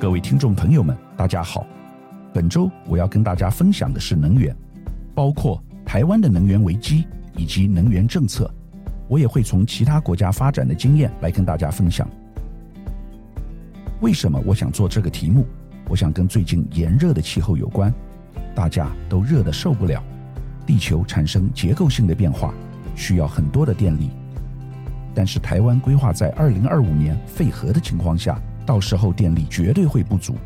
各位聽眾朋友們，大家好。本周我要跟大家分享的是能源，包括台灣的能源危機以及能源政策。我也會從其他國家發展的經驗來跟大家分享。為什麼我想做這個題目？我想跟最近炎熱的氣候有關，大家都熱得受不了。地球產生結構性的變化，需要很多的電力。但是台灣規劃在二零二五年廢核的情況下。到時候電力絕對會不足。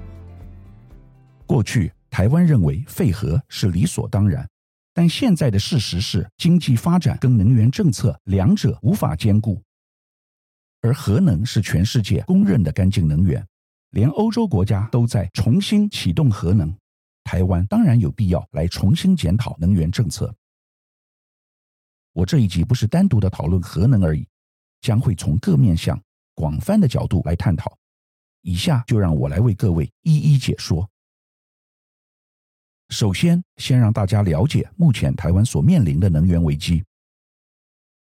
過去台灣認為廢核是理所當然，但現在的事實是，經濟發展跟能源政策兩者無法兼顧。而核能是全世界公認的乾淨能源，連歐洲國家都在重新啟動核能，台灣當然有必要來重新檢討能源政策。我這一集不是單獨的討論核能而已，將會從各面向廣泛的角度來探討。以下就讓我來為各位一一解說。首先，先讓大家了解目前台灣所面臨的能源危機。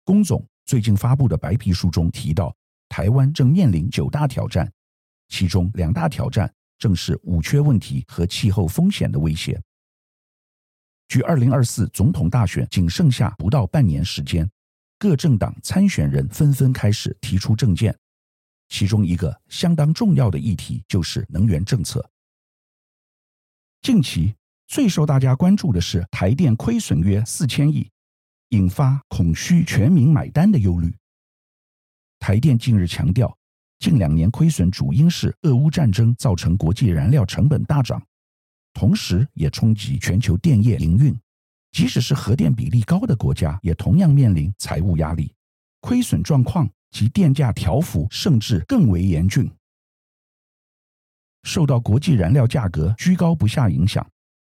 工總最近發布的白皮書中提到，台灣正面臨九大挑戰，其中兩大挑戰正是五缺問題和氣候風險的威脅。距二零二四總統大選僅剩下不到半年時間，各政黨參選人紛紛開始提出政見。其中一個相當重要的議題就是能源政策。近期最受大家關注的是台電虧損約四千億，引發恐需全民買單的憂慮。台電近日強調，近兩年虧損主因是俄烏戰爭造成國際燃料成本大漲，同時也衝擊全球電業營運。即使是核電比例高的國家，也同樣面臨財務壓力，虧損狀況。及電價調幅甚至更為嚴峻，受到國際燃料價格居高不下影響，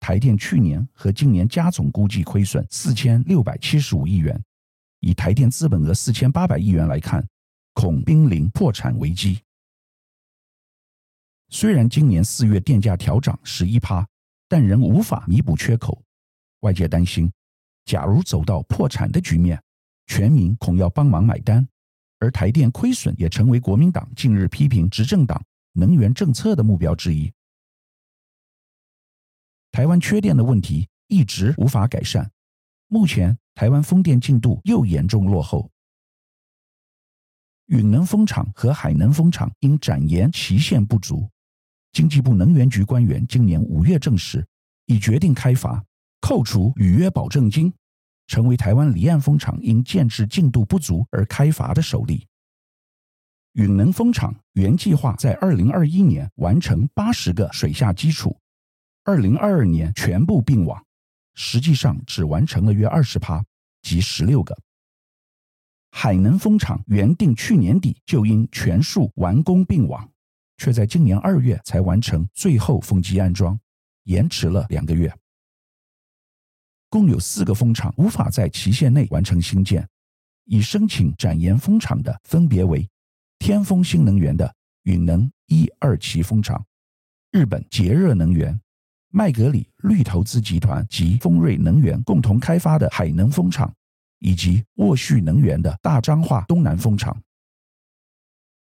台電去年和今年加總估計虧損四千六百七十五億元。以台電資本額四千八百億元來看，恐瀕臨破產危機。雖然今年四月電價調漲十一趴，但仍無法彌補缺口。外界擔心，假如走到破產的局面，全民恐要幫忙買單。而台電虧損也成為國民黨近日批評執政黨能源政策的目標之一。台灣缺電的問題一直無法改善，目前台灣風電進度又嚴重落後。允能風場和海能風場因展延期限不足，經濟部能源局官員今年五月證實，已決定開罰，扣除履約保證金，成為台灣離岸風場因建置進度不足而開罰的首例。允能風場原計劃在二零二一年完成八十個水下基礎，二零二二年全部併網，實際上只完成了約二十趴，及十六個。海能風場原定去年底就應全數完工併網，卻在今年二月才完成最後風機安裝，延遲了兩個月。共有四個風場無法在期限內完成興建，已申請展延風場的分別為天風新能源的允能一二期風場、日本捷熱能源、麥格理綠投資集團及豐瑞能源共同開發的海能風場，以及沃旭能源的大彰化東南風場。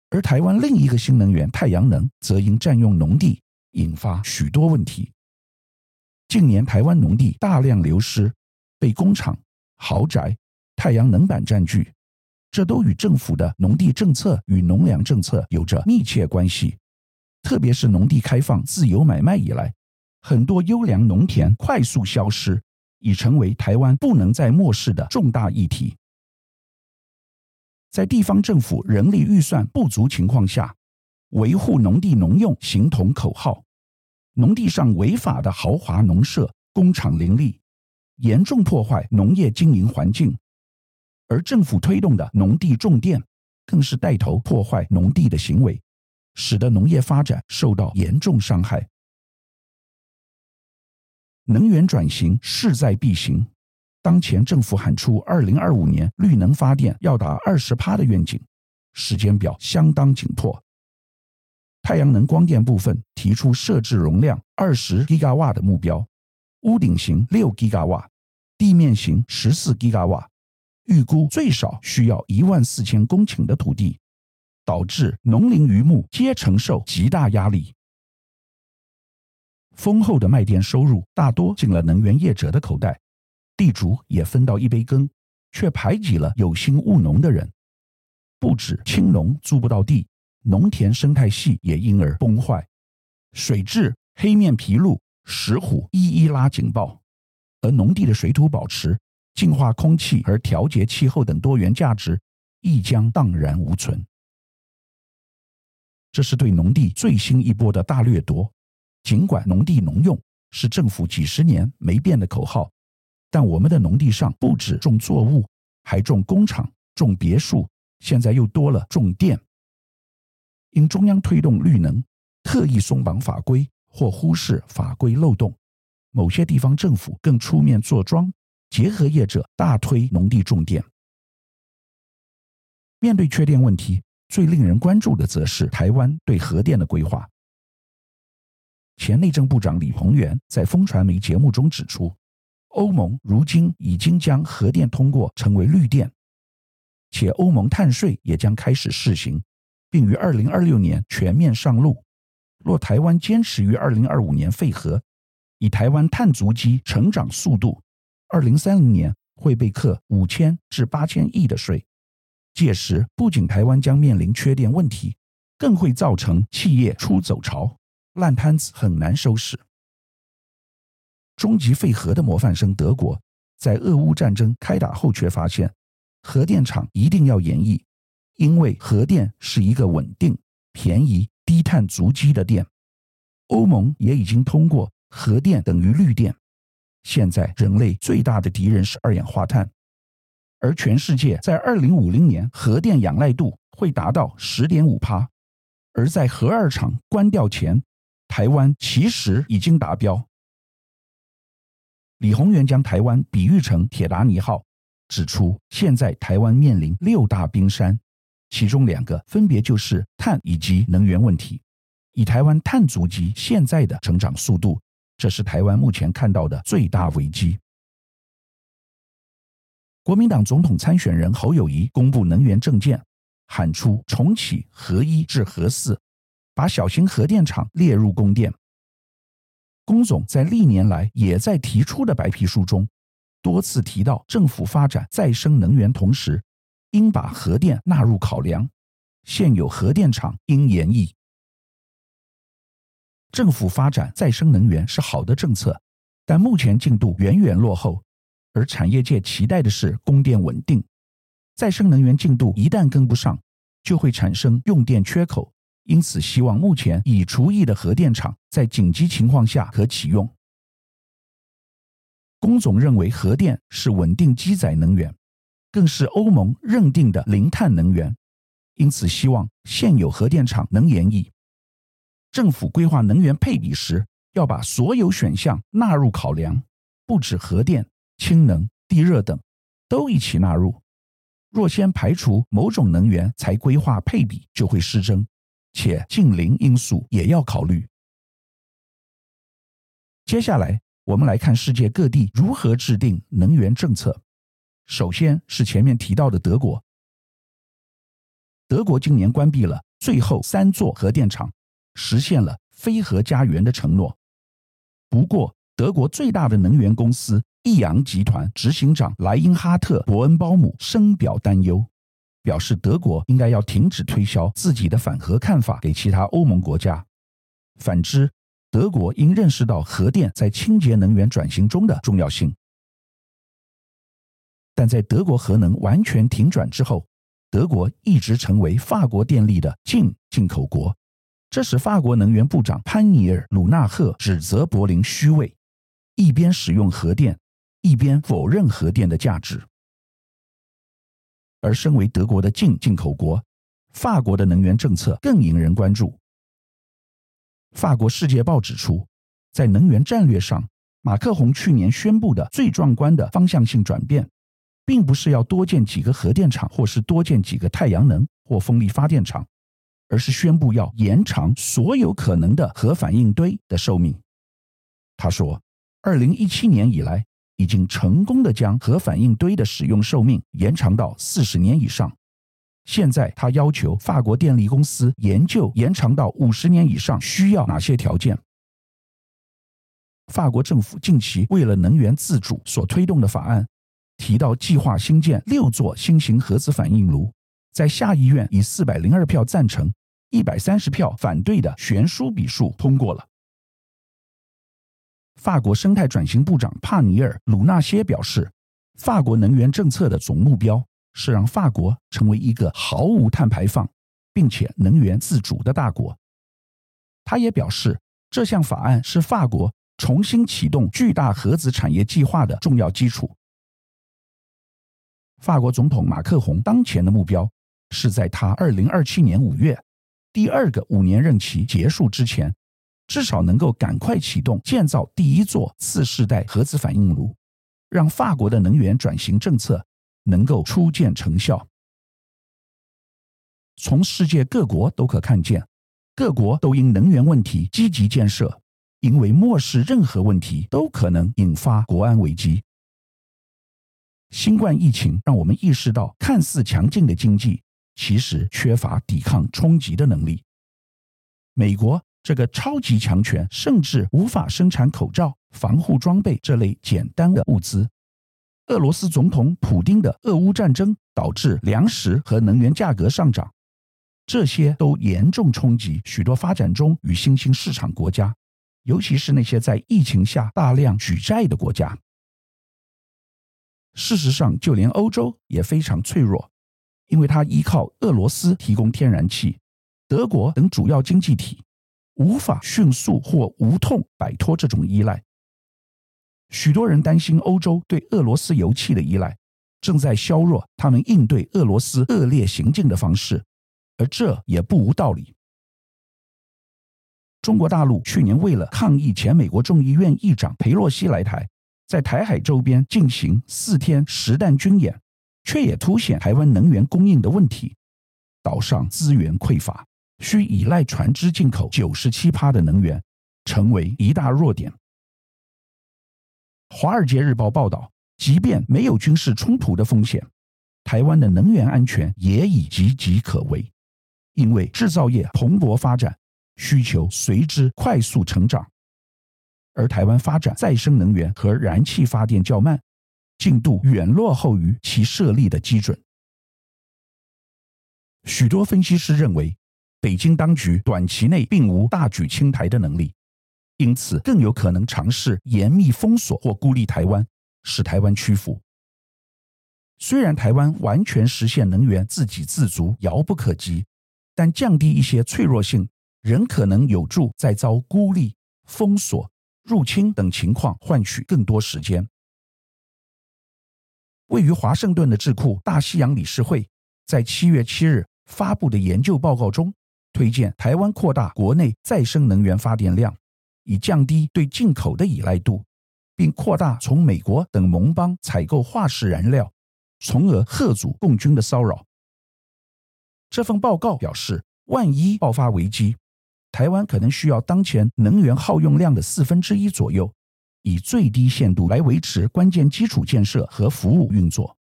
而台灣另一個新能源太陽能，則因占用農地，引發許多問題。近年，台灣農地大量流失，被工廠、豪宅、太陽能板占據，這都與政府的農地政策與農糧政策有着密切關係。特別是農地開放自由買賣以來，很多優良農田快速消失，已成為台灣不能再漠視的重大議題。在地方政府人力預算不足情況下，維護農地農用形同口號。農地上違法的豪華農舍、工廠林立，嚴重破壞農業經營環境；而政府推動的農地種電，更是帶頭破壞農地的行為，使得農業發展受到嚴重傷害。能源轉型勢在必行，當前政府喊出二零二五年綠能發電要達二十趴的願景，時間表相當緊迫。太陽能光電部分提出設置容量二十吉瓦的目標，屋頂型六吉瓦，地面型十四吉瓦，預估最少需要一萬四千公頃的土地，導致農林漁牧皆承受極大壓力。豐厚的賣電收入大多進了能源業者的口袋，地主也分到一杯羹，卻排擠了有心務農的人，不止青農租不到地。農田生態系也因而崩壞，水質、黑面琵鷺、石虎一一拉警報，而農地的水土保持、淨化空氣和調節氣候等多元價值亦將蕩然無存。這是對農地最新一波的大掠奪。儘管農地農用是政府幾十年沒變的口號，但我們的農地上不止種作物，還種工廠、種別墅，現在又多了種電。因中央推動綠能，特意鬆綁法規或忽視法規漏洞，某些地方政府更出面坐莊，結合業者大推農地種電。面對缺電問題，最令人關注的則是台灣對核電的規劃。前內政部長李鴻源在風傳媒節目中指出，歐盟如今已經將核電通過成為綠電，且歐盟碳稅也將開始試行。並於二零二六年全面上路。若台灣堅持於二零二五年廢核，以台灣碳足跡成長速度，二零三零年會被課五千至八千億的稅。屆時不僅台灣將面臨缺電問題，更會造成企業出走潮，爛攤子很難收拾。終極廢核的模範生德國，在俄烏戰爭開打後，却發現核電廠一定要延役因為核電是一個穩定、便宜、低碳足跡的電。歐盟也已經通過核電等於綠電。現在人類最大的敵人是二氧化碳，而全世界在二零五零年核電仰賴度會達到十點五趴。而在核二廠關掉前，台灣其實已經達標。李鴻源將台灣比喻成鐵達尼號，指出現在台灣面臨六大冰山。其中兩個分別就是碳以及能源問題。以台灣碳足跡現在的成長速度，這是台灣目前看到的最大危機。國民黨總統參選人侯友宜公布能源政見，喊出重啟核一至核四，把小型核電廠列入供電。工總在歷年來也在提出的白皮書中，多次提到政府發展再生能源同時。應把核電納入考量，現有核電廠應延役。政府發展再生能源是好的政策，但目前進度遠遠落後。而產業界期待的是供電穩定，再生能源進度一旦跟不上，就會產生用電缺口。因此，希望目前已除役的核電廠在緊急情況下可啟用。工總認為，核電是穩定基載能源。更是歐盟認定的零碳能源，因此希望現有核電廠能延役。政府規劃能源配比時，要把所有選項納入考量，不止核電、氫能、地熱等，都一起納入。若先排除某種能源才規劃配比，就會失真，且近零因素也要考慮。接下來，我們來看世界各地如何制定能源政策。首先是前面提到的德國，德國今年關閉了最後三座核電廠，實現了“非核家園”的承諾。不過，德國最大的能源公司易陽集團執行長萊因哈特·伯恩鮑姆深表擔憂，表示德國應該要停止推銷自己的反核看法給其他歐盟國家。反之，德國應認識到核電在清潔能源轉型中的重要性。但在德國核能完全停轉之後，德國一直成為法國電力的淨進，進口國，這時法國能源部長潘尼爾·魯納赫指責柏林虛偽，一邊使用核電，一邊否認核電的價值。而身為德國的淨進，進口國，法國的能源政策更引人關注。法國《世界報》指出，在能源戰略上，馬克宏去年宣布的最壯觀的方向性轉變。並不是要多建幾個核電廠，或是多建幾個太陽能或風力發電廠，而是宣布要延長所有可能的核反應堆的壽命。他說，二零一七年以來，已經成功地將核反應堆的使用壽命延長到四十年以上。現在，他要求法國電力公司研究延長到五十年以上需要哪些條件。法國政府近期為了能源自主所推動的法案，提到計劃新建六座新型核子反應爐，在下議院以四百零二票贊成、一百三十票反對的懸殊比數通過了。法國生態轉型部長帕尼爾·魯納歇表示，法國能源政策的總目標是讓法國成為一個毫無碳排放並且能源自主的大國。他也表示，這項法案是法國重新啟動巨大核子產業計劃的重要基礎。法國總統馬克宏當前的目標是在他2027年5月第二個五年任期結束之前，至少能夠趕快啟動建造第一座次世代核子反應爐，讓法國的能源轉型政策能夠初見成效。從世界各國都可看見，各國都因能源問題積極建設，因為漠視任何問題都可能引發國安危機。新冠疫情讓我們意識到，看似強勁的經濟其實缺乏抵抗衝擊的能力。美國這個超級強權，甚至無法生產口罩、防護裝備這類簡單的物資。俄羅斯總統普丁的俄烏戰爭導致糧食和能源價格上漲，這些都嚴重衝擊許多發展中與新興市場國家，尤其是那些在疫情下大量舉債的國家。事實上，就連歐洲也非常脆弱，因為它依靠俄羅斯提供天然氣。德國等主要經濟體無法迅速或無痛擺脫這種依賴。許多人擔心，歐洲對俄羅斯油氣的依賴正在削弱他們應對俄羅斯惡劣行徑的方式，而這也不無道理。中國大陸去年為了抗議前美國眾議院議長裴洛西來台。在台海周邊進行四天實彈軍演，卻也凸顯台灣能源供應的問題。島上資源匱乏，需依賴船隻進口九十七趴的能源，成為一大弱點。《華爾街日報》報道，即便沒有軍事衝突的風險，台灣的能源安全也已岌岌可危，因為製造業蓬勃發展，需求隨之快速成長。而台灣發展再生能源和燃氣發電較慢，進度遠落後於其設立的基準。許多分析師認為，北京當局短期內並無大舉侵臺的能力，因此更有可能嘗試嚴密封鎖或孤立台灣，使台灣屈服。雖然台灣完全實現能源自給自足遙不可及，但降低一些脆弱性仍可能有助在遭孤立、封鎖。入侵等情況，換取更多時間。位於華盛頓的智庫大西洋理事會，在七月七日發布的研究報告中，推薦台灣擴大國內再生能源發電量，以降低對進口的依賴度，並擴大從美國等盟邦採購化石燃料，從而嚇阻共軍的騷擾。這份報告表示，萬一爆發危機。台灣可能需要當前能源耗用量的四分之一左右，以最低限度來維持關鍵基礎建設和服務運作。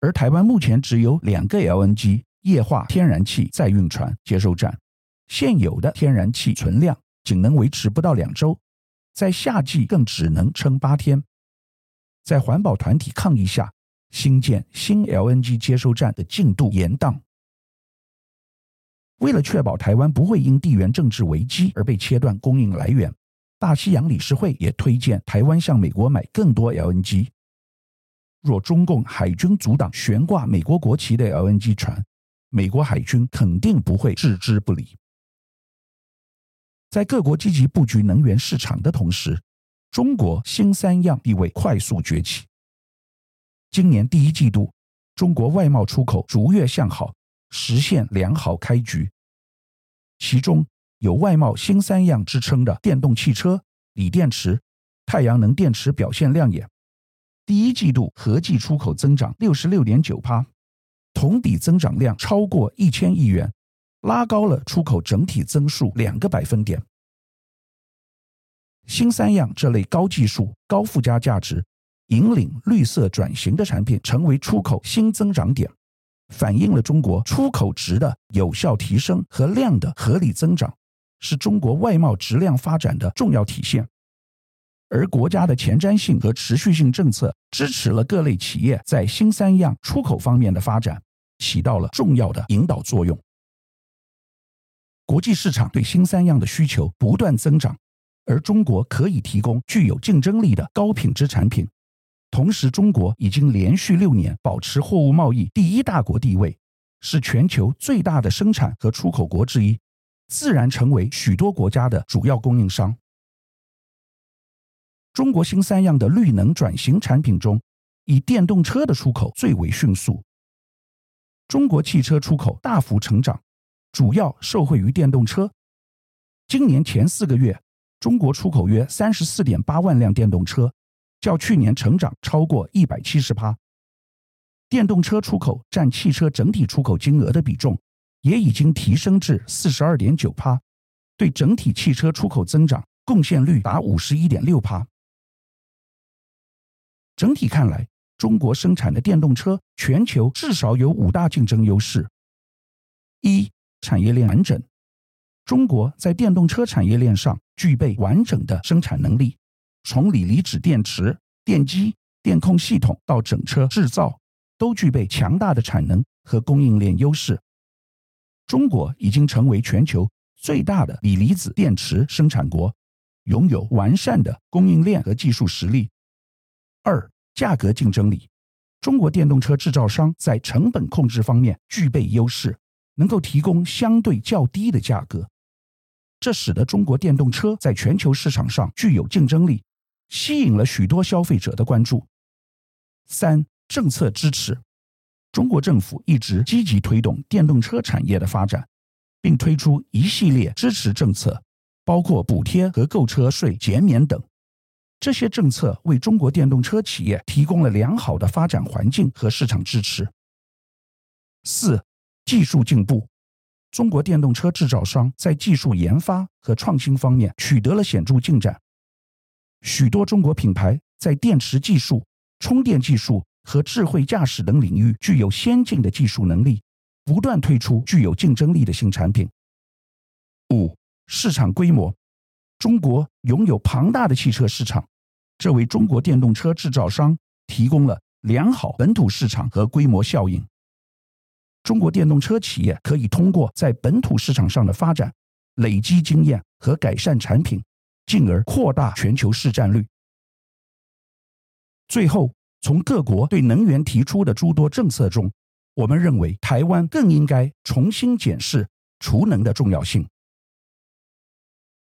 而台灣目前只有兩個 LNG 液化天然氣載運船接收站，現有的天然氣存量僅能維持不到兩週，在夏季更只能撐八天。在環保團體抗議下，新建新 LNG 接收站的進度延宕。為了確保台灣不會因地緣政治危機而被切斷供應來源，大西洋理事會也推薦台灣向美國買更多 LNG。若中共海軍阻擋懸掛美國國旗的 LNG 船，美國海軍肯定不會置之不理。在各國積極布局能源市場的同時，中國新三樣地位快速崛起。今年第一季度，中國外貿出口逐月向好。實現良好開局，其中有外貿新三樣支撐的電動汽車、鋰電池、太陽能電池表現亮眼。第一季度合計出口增長六十六點九趴，同比增長量超過一千億元，拉高了出口整體增速兩個百分點。新三樣這類高技術、高附加價值、引領綠色轉型的產品，成為出口新增長點。反映了中國出口值的有效提升和量的合理增長，是中國外貿質量發展的重要體現。而國家的前瞻性和持續性政策支持了各類企業在新三樣出口方面的發展，起到了重要的引導作用。國際市場對新三樣的需求不斷增長，而中國可以提供具有競爭力的高品質產品。同時，中國已經連續六年保持貨物貿易第一大國地位，是全球最大的生產和出口國之一，自然成為許多國家的主要供應商。中國新三樣的綠能轉型產品中，以電動車的出口最為迅速。中國汽車出口大幅成長，主要受惠於電動車。今年前四個月，中國出口約三十四點八萬輛電動車。較去年成長超過一百七十趴，電動車出口占汽車整體出口金額的比重也已經提升至四十二點九趴，對整體汽車出口增長貢獻率達五十一點六趴。整體看來，中國生產的電動車全球至少有五大競爭優勢：一、產業鏈完整，中國在電動車產業鏈上具備完整的生產能力。從鋰離子電池、電機、電控系統到整車製造，都具備強大的產能和供應鏈優勢。中國已經成為全球最大的鋰離子電池生產國，擁有完善的供應鏈和技術實力。二、價格競爭力，中國電動車製造商在成本控制方面具備優勢，能夠提供相對較低的價格，這使得中國電動車在全球市場上具有競爭力。吸引了許多消費者的關注。三、政策支持，中國政府一直積極推動電動車產業的發展，並推出一系列支持政策，包括補貼和購車稅減免等。這些政策為中國電動車企業提供了良好的發展環境和市場支持。四、技術進步，中國電動車製造商在技術研發和創新方面取得了顯著進展。許多中國品牌在電池技術、充電技術和智慧駕駛等領域具有先進的技術能力，不斷推出具有競爭力的新產品。五、市場規模。中國擁有龐大的汽車市場，這為中國電動車制造商提供了良好本土市場和規模效應。中國電動車企業可以通過在本土市場上的發展，累積經驗和改善產品。進而擴大全球市佔率。最後，從各國對能源提出的諸多政策中，我們認為台灣更應該重新檢視儲能的重要性。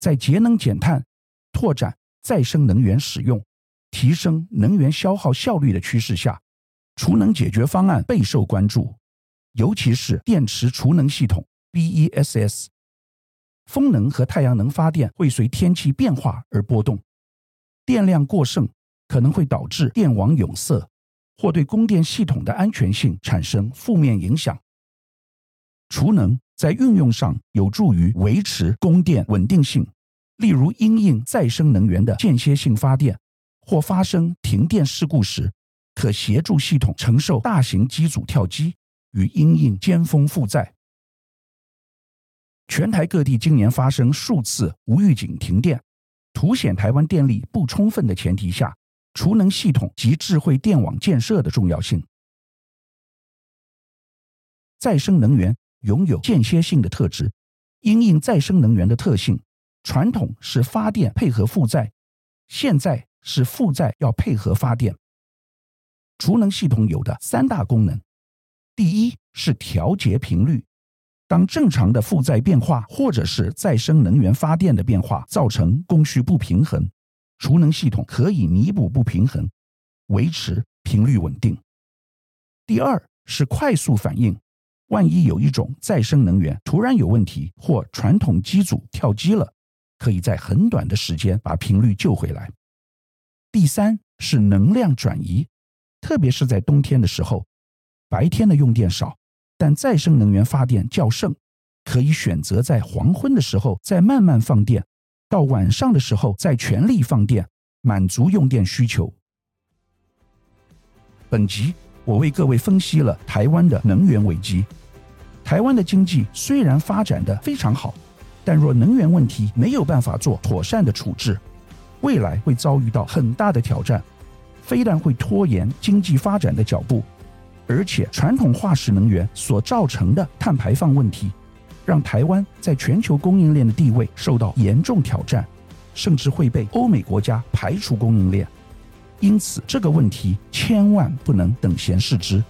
在節能減碳、拓展再生能源使用、提升能源消耗效率的趨勢下，儲能解決方案備受關注，尤其是電池儲能系統 BESS。風能和太陽能發電會隨天氣變化而波動，電量過剩可能會導致電網壅塞，或對供電系統的安全性產生負面影響。儲能在運用上有助於維持供電穩定性，例如因應再生能源的間歇性發電，或發生停電事故時，可協助系統承受大型機組跳機與因應尖峰負載。全台各地今年發生數次無預警停電，凸顯臺灣電力不充分的前提下，儲能系統及智慧電網建設的重要性。再生能源擁有間歇性的特質，因應再生能源的特性，傳統是發電配合負載，現在是負載要配合發電。儲能系統有的三大功能，第一是調節頻率。當正常的負載變化，或者是再生能源發電的變化，造成供需不平衡，儲能系統可以彌補不平衡，維持頻率穩定。第二是快速反應，萬一有一種再生能源突然有問題，或傳統機組跳機了，可以在很短的時間把頻率救回來。第三是能量轉移，特別是在冬天的時候，白天的用電少。但再生能源發電較盛，可以選擇在黃昏的時候再慢慢放電，到晚上的時候再全力放電，滿足用電需求。本集我為各位分析了台灣的能源危機。台灣的經濟雖然發展得非常好，但若能源問題沒有辦法做妥善的處置，未來會遭遇到很大的挑戰，非但會拖延經濟發展的腳步。而且，傳統化石能源所造成的碳排放問題，讓台灣在全球供應鏈的地位受到嚴重挑戰，甚至會被歐美國家排除供應鏈。因此，這個問題千萬不能等閒視之。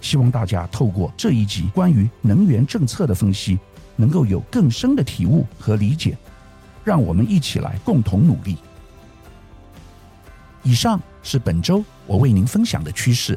希望大家透過這一集關於能源政策的分析，能夠有更深的體悟和理解。讓我們一起來共同努力。以上是本周我為您分享的趨勢。